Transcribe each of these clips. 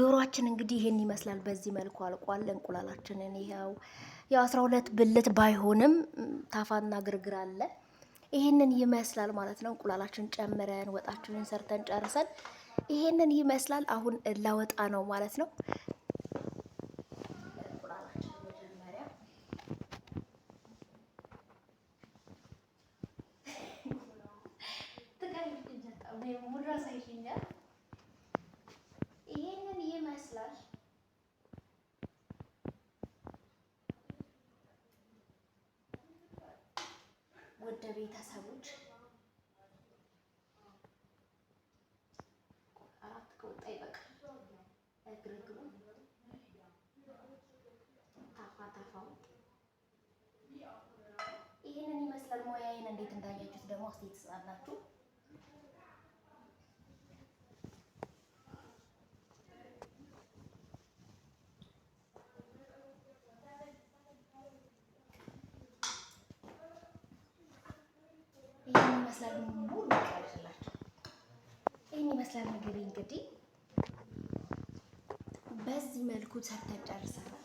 ዶሮአችን እንግዲህ ይሄን ይመስላል። በዚህ መልኩ አልቋል። እንቁላላችንን ይኸው ያው አስራ ሁለት ብልት ባይሆንም ታፋና ግርግር አለ። ይሄንን ይመስላል ማለት ነው። እንቁላላችን ጨምረን ወጣችንን ሰርተን ጨርሰን ይሄንን ይመስላል። አሁን ላወጣ ነው ማለት ነው። ቤተሰቦች አራት ከወጣ ይበቃል። ግርግሩ ታፋ ታፋው ይህንን ይመስላል። ሙያዬን እንዴት እንዳያችሁት ደግሞ አስተያየት ትሰጣላችሁ። ይመስላል ሙሉ ይቀርላችሁ። ይህን ይመስላል ምግብ እንግዲህ በዚህ መልኩ ሰርተን ጨርሰናል።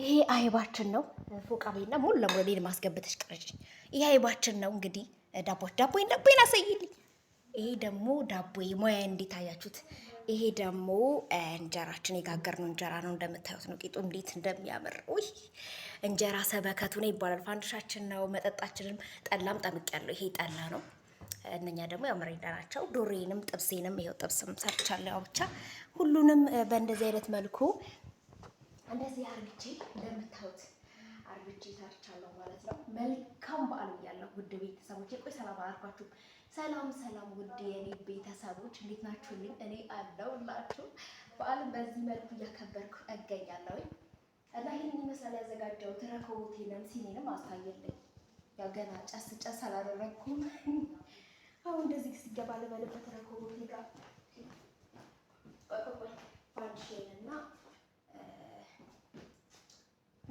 ይሄ አይባችን ነው። ፎቃቤና ሙሉ ለሙሉ እኔን ማስገብተሽ ቀረችኝ። ይሄ አይባችን ነው እንግዲህ ዳቦ ዳቦ ዳቦ አሳይልኝ ይሄ ደግሞ ዳቦ ሙያ እንዴት አያችሁት? ይሄ ደግሞ እንጀራችን የጋገርነው እንጀራ ነው። እንደምታዩት ነው ቂጡ እንዴት እንደሚያምር ውይ! እንጀራ ሰበከቱ ነው ይባላል። ፋንድሻችን ነው። መጠጣችንም ጠላም ጠምቅ ያለው ይሄ ጠላ ነው። እነኛ ደግሞ ያው መሬዳ ናቸው። ዶሬንም ጥብሴንም ይኸው ጥብስም ሰርቻለሁ። ያው ብቻ ሁሉንም በእንደዚህ አይነት መልኩ እንደዚህ አርግቼ እንደምታዩት አርግቼ ሰርቻለሁ ማለት ነው። መልካም በዓል እያለሁ ውድ ቤተሰቦች፣ ቆይ ሰላም አላልኳችሁ ሰላም ሰላም ውድ የኔ ቤተሰቦች እንዴት ናችሁልኝ? እኔ አለሁላችሁ። በዓልን በዚህ መልኩ እያከበርኩ እገኛለሁ እና ይህን ይመስላል ያዘጋጀሁት። ረከቦቴንም ሲኒንም አሳየልኝ። ያው ገና ጨስ ጨስ አላደረግኩም። አሁን እንደዚህ ሲገባ ልበልበት ረከቦቴ ጋር ባንዲሼን እና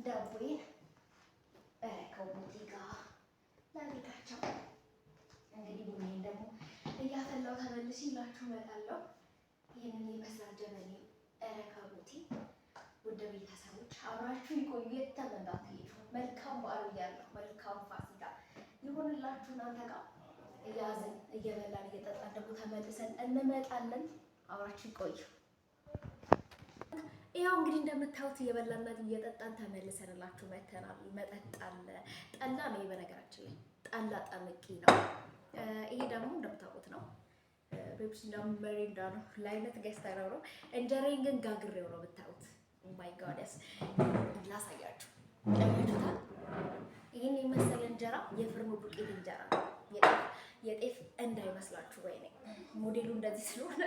ዳቦዬን ረከቦቴ ጋር ላድርጋቸው እንግዲህ ቡናዬን ደግሞ እያፈላው ተመልሼ ይላችሁ እመጣለሁ። ይህንን ይመስላል ጀበኔ ረከቦቴ። ውድ ቤተሰቦች አብራችሁ ይቆዩ። የተመላክ መልካም በዓል እያለሁ መልካም ፋሲካ ይሁንላችሁ። እናንተ ጋር እያዝን እየበላን እየጠጣን ደግሞ ተመልሰን እንመጣለን። አብራችሁ ይቆዩ። ያው እንግዲህ እንደምታዩት እየበላና እየጠጣን ተመልሰንላችሁ መተናል። መጠጥ አለ፣ ጠላ ነው። በነገራችን ላይ ጠላ ጠምቄ ነው ይሄ ደግሞ እንደምታውቁት ነው። ቤፕሲ እና መሪንዳ ነው። ለአይነት ገዝተነው ነው። እንጀራዬን ግን ጋግሬው ነው ብታዩት። ማይ ጋደስ ላሳያችሁ። ቀይታል ይህን የመሰለ እንጀራ የፍርም ዱቄት እንጀራ የጤፍ እንዳይመስላችሁ። ወይ ነ ሞዴሉ እንደዚህ ስለሆነ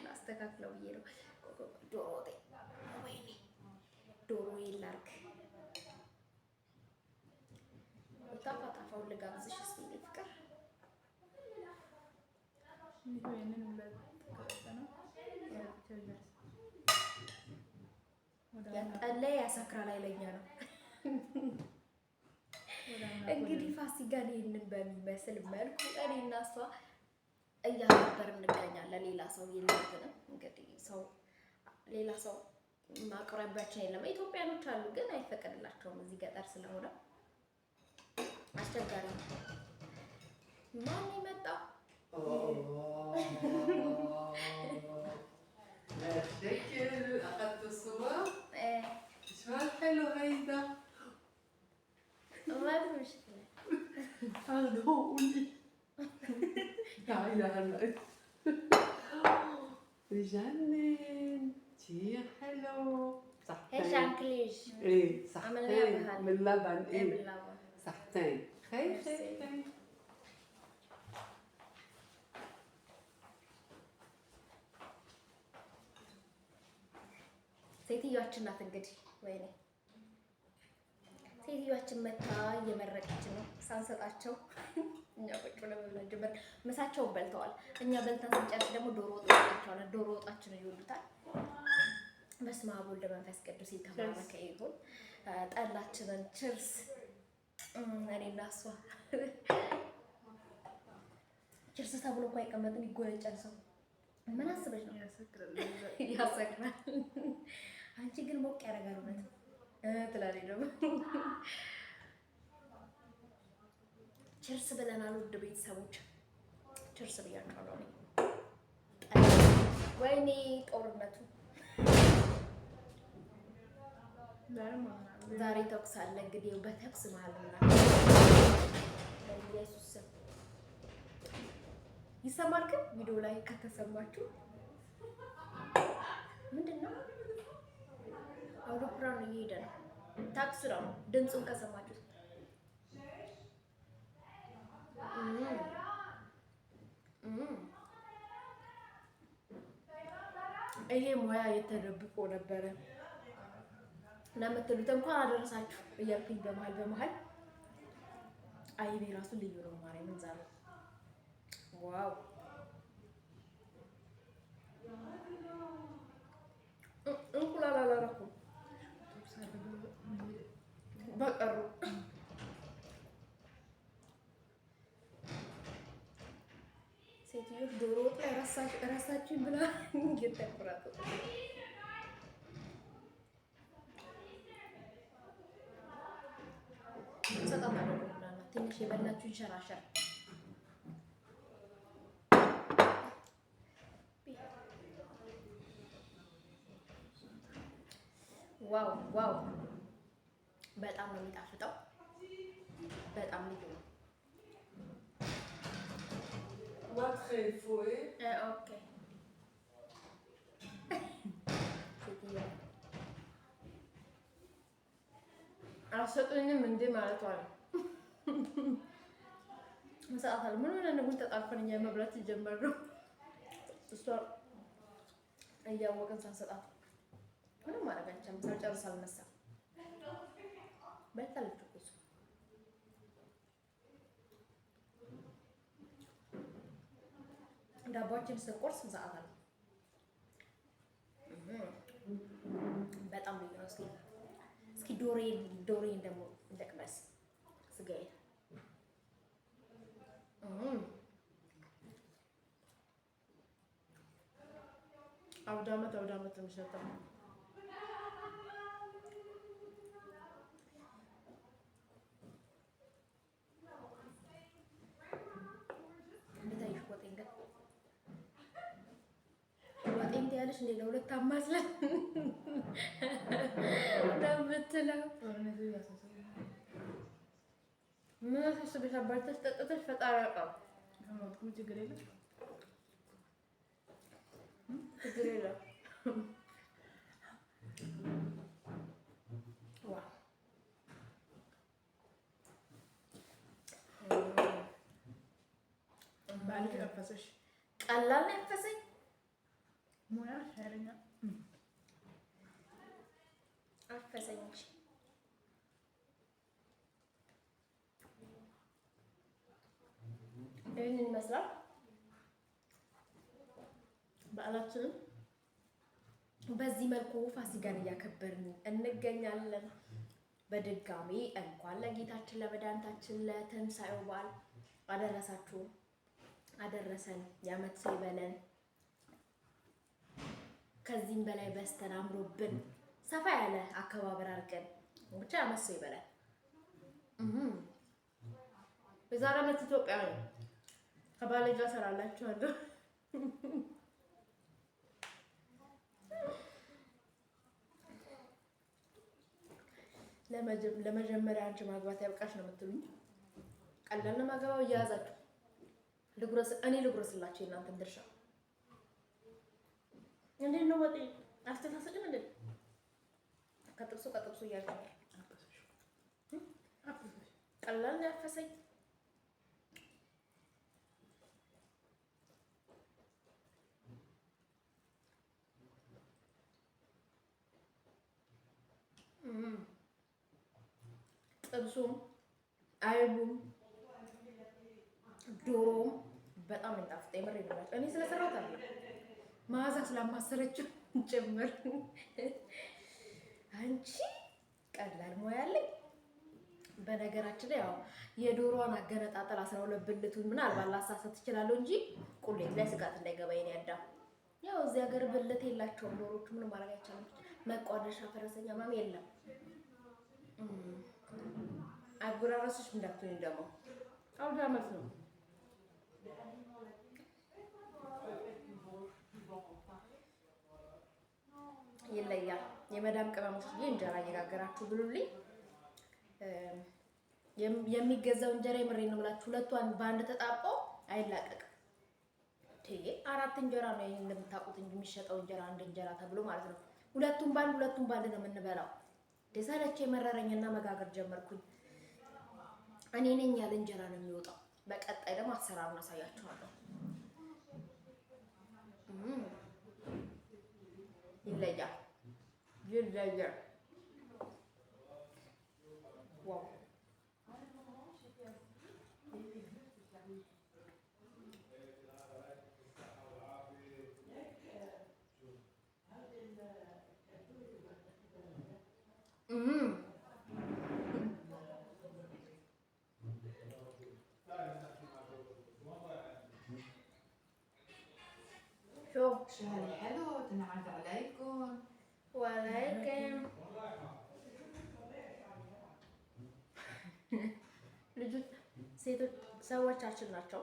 እናስተካክለው ብዬ ነው። ዶሮ ወጤ ወይ ዶሮ የላርክ ታፋታፋውን ልጋብዝሽ ስ ጠላ ያሰክራል ኃይለኛ ነው። እንግዲህ ፋሲካን ይህንን በሚመስል መልኩ እኔና እሷ እያከበር እንገኛለን። ሌላ ሰው የለብንም። እንግዲህ ሰው ሌላ ሰው ማቅረቢያችን የለም። ኢትዮጵያኖች አሉ፣ ግን አይፈቀድላቸውም እዚህ ገጠር ስለሆነ አስቸጋሪ ነው። ማን የመጣው لا تشكر اخذت الصور ايه ايش حلو هيدا ما في مشكلة هذا هو قولي تعالي هلا بجنن كثير حلو صحتين هيك عم كليش ايه صحتين من لبن ايه من لبن صحتين خي خي ሴትዮዋችን ናት እንግዲህ። ወይኔ ሴትዮዋችን መታ እየመረቀችን ነው ሳንሰጣቸው። እኛ ቁጭ ብለን መብላት ምሳቸውን በልተዋል። እኛ በልተን ስንጨርስ ደግሞ ዶሮ ወጥ ዶሮ ወጣችን ይወዱታል። በስመ አብ ወወልድ ወመንፈስ ቅዱስ የተባረከ ይሁን። ጠላችንን ችርስ እኔ እና እሷ ችርስ ተብሎ እኮ አይቀመጥም፣ ይጎነጫል ሰው። ምን አስበሽ ነው? ያሰግራል አንቺ ግን ሞቅ ያደርጋል እውነት ትላለች ደግሞ ችርስ ብለናል። ውድ ቤተሰቦች ችርስ ብያቸዋለሁ። ወይኔ ጦርነቱ ዛሬ ተኩስ አለ። እንግዲህ በተኩስ መሀል ኢየሱስ ይሰማል። ግን ቪዲዮ ላይ ከተሰማችሁ ምንድን ነው አውሮፕላኑ እየሄደ ነው። ታክስ ነው። ድምፁን ከሰማችሁ ይሄ ሙያ የተደብቆ ነበረ ለምትሉት እንኳን አደረሳችሁ እያልኩኝ በመሀል በመሀል አይቤ ራሱ ልዩ ነው። ማርያምን ዛሬ ዋው በቀሩ ሴትዮች ዶሮ ወጥ ላይ ረሳችን ብላ እየተቆራጡ ትንሽ የበላችሁን ሸራሸር ዋው ዋው በጣም ነው የሚጣፍጠው። በጣም ልዩ ነው። አሰጡኝም እንዴ ማለት ነው። አለ ምን ሆነ ነው ተጣልፈን እኛ መብላት ጀመርነው። እሷ እያወቀን ሳንሰጣት ምንም ማድረግ አልቻልንም። ሳልጨርስ አልነሳም በልታለች እኮ እሱ ዳባችን ስቆርስ ሰዓት አለ። በጣም ልዩ ነው። እስኪ እስኪ ዶሬ ዶሬን ደግሞ ልቅመስ ስጋዬ አውዳመት አውዳመት የሚሸጠው እያለች እንደ ለሁለት አማስለን ለምትለው ምን አሳስበሽ አባልተሽ ጠጥተሽ ፈጣሪ ያውቃል። ችግር የለም ችግር የለም። ቀላል ነፈሰኝ ሙያ ሸርኛ አፈዘኝ ይህንን ይመስላል። በዓላችንም በዚህ መልኩ ፋሲካን እያከበርን እንገኛለን። በድጋሚ እንኳን ለጌታችን ለመድኃኒታችን ለትንሣኤው በዓል አደረሳችሁ አደረሰን። የዓመት ሰው ይበለን። ከዚህም በላይ በስተን አምሮብን ሰፋ ያለ አከባበር አድርገን ብቻ ያመሰ ይበላል። የዛሬ ዓመት ኢትዮጵያ ነው። ከባሌ ጋር እሰራላችኋለሁ። ለመጀመሪያ አንቺ ማግባት ያብቃሽ ነው የምትሉኝ? ቀላል ለማገባው እያያዛችሁ እኔ ልጉረስላቸው የእናንተን ድርሻ እንዴት ነው ወጤ አስተሳሰድም እንዴ ከጥብሱ ከጥብሱ እያልኩ ቀላል ያፈሰኝ ጥብሱም አይቡም ዶሮም በጣም ይጣፍጥ። የምሬ ነው እኔ ስለሰራሁት አይደለም መዓዛ ስላማሰለችው ጭምር አንቺ ቀላል ሙያ አለኝ። በነገራችን ላይ ያው የዶሮዋን አገነጣጠል አስራ ሁለት ብልቱን ምናልባት ላሳሳት ትችላለሁ እንጂ ቁሌት ላይ ስጋት እንዳይገባኝ ነው ያዳ ያው እዚህ ሀገር ብልት የላቸውም ዶሮቹ። ምንም ማድረግ አይቻልም። መቋደሻ ፈረሰኛ ማም የለም። አጎራረሶች እንዳትሆኝ ደግሞ አውዳ መልስ ነው ይለያል። የመዳም ቅመሞች ጊዜ እንጀራ እየጋገራችሁ ብሉልኝ። የሚገዛው እንጀራ የምሬ ነው ብላችሁ ሁለቷን በአንድ ተጣብቆ አይላቀቅም። አራት እንጀራ ነው ይሄ እንደምታውቁት የሚሸጠው እንጀራ አንድ እንጀራ ተብሎ ማለት ነው። ሁለቱም ባንድ ሁለቱም ባንድ ነው የምንበላው። ደሳለች የመረረኝና መጋገር ጀመርኩኝ። እኔ ነኝ ያለ እንጀራ ነው የሚወጣው። በቀጣይ ደግሞ አሰራሩን አሳያችኋለሁ። ይለያል شو mm-hmm. شهر حلو تنعاد عليكم ወለይኩም ሴቶች ሰዎቻችን ናቸው።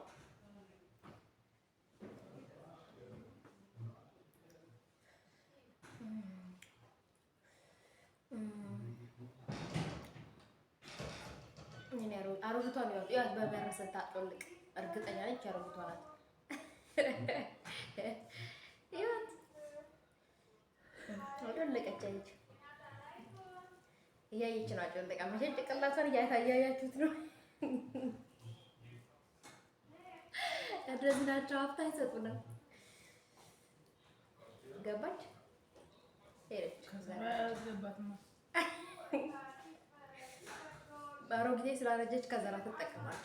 አሮጊቷ በበር ስታጦልቅ እርግጠኛ ነች። አሮጊቷ ናት። አጮለቀች አየች። እያየች ነው አጮለቀ። መቼም ጭቅላቷን እያያችሁት ነው። እንደዚህ ናቸው። አይሰጡንም። ገባች ሄደች። ባሮ ጊዜ ስላረጀች ከዘራ ትጠቀማች።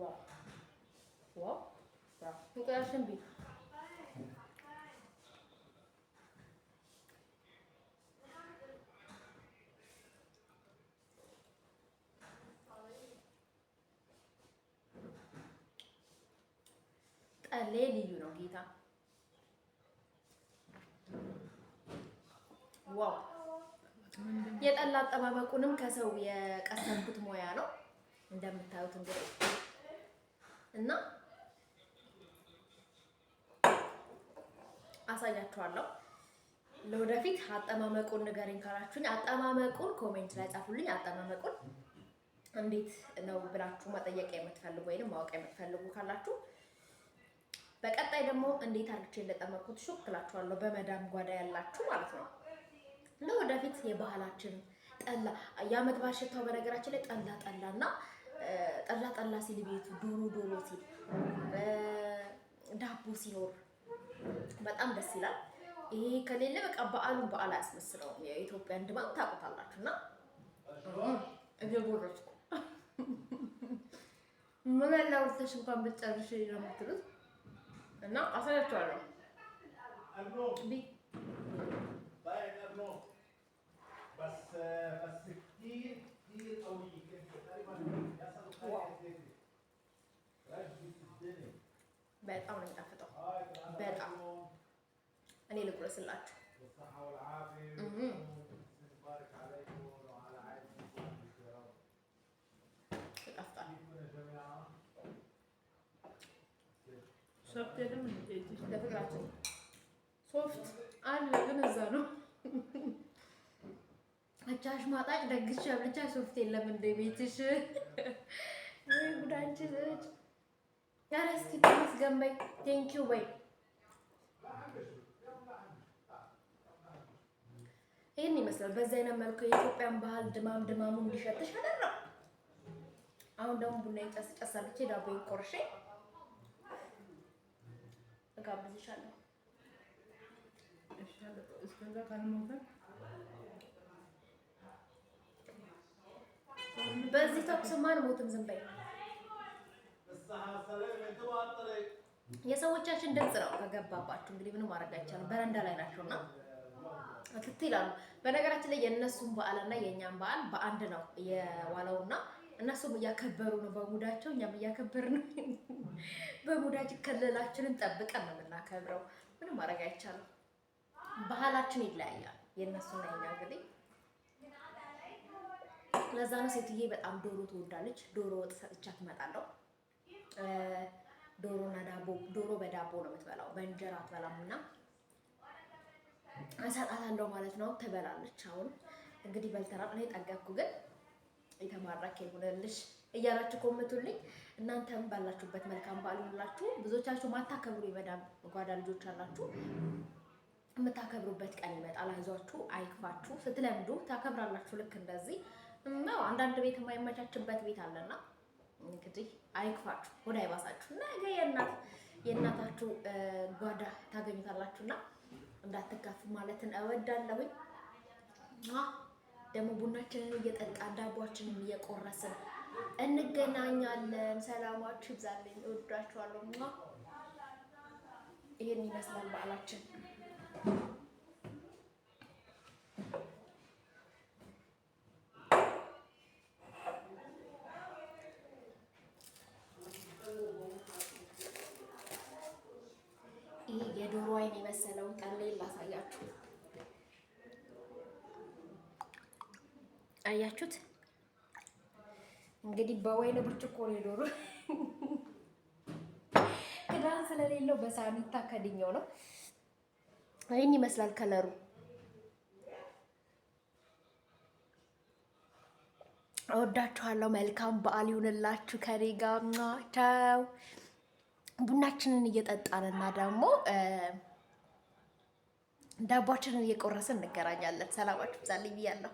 ዋው ዋው እንቁላልሽን ቢ መጸለይ ልዩ ነው ጌታ ዋው የጠላ አጠባበቁንም ከሰው የቀሰምኩት ሙያ ነው እንደምታዩት እንግዲህ እና አሳያችኋለሁ ለወደፊት አጠማመቁን ንገረኝ ካላችሁኝ አጠማመቁን ኮሜንት ላይ ጻፉልኝ አጠማመቁን እንዴት ነው ብላችሁ መጠየቅ የምትፈልጉ ወይንም ማወቅ የምትፈልጉ ካላችሁ በቀጣይ ደግሞ እንዴት አድርጌ እንደጠመኩት ሹክ እላችኋለሁ። በመዳም ጓዳ ያላችሁ ማለት ነው ለወደፊት የባህላችን ጠላ የዓመት በዓል ሽታው በነገራችን ላይ ጠላ ጠላ እና ጠላ ጠላ ሲል ቤቱ ዶሮ ዶሮ ሲል ዳቦ ሲኖር በጣም ደስ ይላል። ይሄ ከሌለ በቃ በዓሉን በዓል አያስመስለው። የኢትዮጵያን ድባብ ታውቁታላችሁ እና እየጎረስኩ ምን ያላውርተሽ እንኳን ብትጨርሽ ነው የምትሉት እና አሳያቸዋለሁ። በጣም ነው የሚጣፍጠው። በጣም እኔ ልቁረስላችሁ። ሰርተንም ለፍቅራችን ሶፍት አለ ግን እዛ ነው አቻሽ ማጣጭ ደግሽ ብቻ ሶፍት የለም እንደ ቤትሽ ወይ ጉዳንቺ ልጅ ኧረ እስኪ ተመስገን በይ ቴንኪው በይ ይህን ይመስላል። በዚህ አይነት መልኩ የኢትዮጵያን ባህል ድማም ድማሙ እንዲሸትሽ አደረው። አሁን ደግሞ ቡና ጨስ ዳቦ ቆርሼ እጋብዝሻለሁ። እስከዛ ካልሞተ በዚህ ተኩስ ማን ሞትም። ዝም በይ። የሰዎቻችን ድምፅ ነው ከገባባችሁ እንግዲህ ምንም ማድረግ አይቻልም። በረንዳ ላይ ናቸውና ክትት ይላሉ። በነገራችን ላይ የእነሱን በዓልና የእኛን በዓል በአንድ ነው የዋለውና እነሱም እያከበሩ ነው በሙዳቸው፣ እኛም እያከበር ነው በሙዳጅ ክልላችንን ጠብቀን ነው የምናከብረው። ምንም ማድረግ አይቻልም። ባህላችን ይለያያል የእነሱና የኛ እንግዲህ ለዛ ነው ሴትዬ በጣም ዶሮ ትወዳለች። ዶሮ ወጥ ሰጥቻት ዶሮ እና ዳቦ፣ ዶሮ በዳቦ ነው የምትበላው፣ በእንጀራ አትበላም። እና እሰጣታለሁ ማለት ነው። ትበላለች። አሁን እንግዲህ በልተናል። እኔ ጠገብኩ ግን የተማራክ ይሁንልሽ እያላችሁ ኮምቱልኝ። እናንተም ባላችሁበት መልካም በዓል ይሁንላችሁ። ብዙዎቻችሁ ማታከብሩ የመዳም ጓዳ ልጆች አላችሁ። የምታከብሩበት ቀን ይመጣል። አይዟችሁ፣ አይክፋችሁ። ስትለምዱ ታከብራላችሁ። ልክ እንደዚህ ነው። አንዳንድ ቤት የማይመቻችበት ቤት አለና እንግዲህ አይክፋችሁ፣ ወደ አይባሳችሁ። ነገ የእናት የእናታችሁ ጓዳ ታገኙታላችሁና እንዳትጋፉ ማለትን እወዳለሁኝ። ደግሞ ቡናችንን እየጠጣን ዳቧችንን እየቆረስን እንገናኛለን። ሰላማችሁ ይብዛልኝ። እወዳችኋለሁ። ይሄን ይመስላል በዓላችን። አያችሁት እንግዲህ በወይን ብርጭቆ ነው የዶሮ ክዳን ስለሌለው በሳሚታ ከድኛው ነው። ይህን ይመስላል ከለሩ። እወዳችኋለሁ። መልካም በዓል ይሁንላችሁ። ከኔ ጋር ቻው። ቡናችንን እየጠጣንና ደግሞ ዳቧችንን እየቆረስን እንገናኛለን። ሰላማችሁ ብዛልኝ ብያለሁ።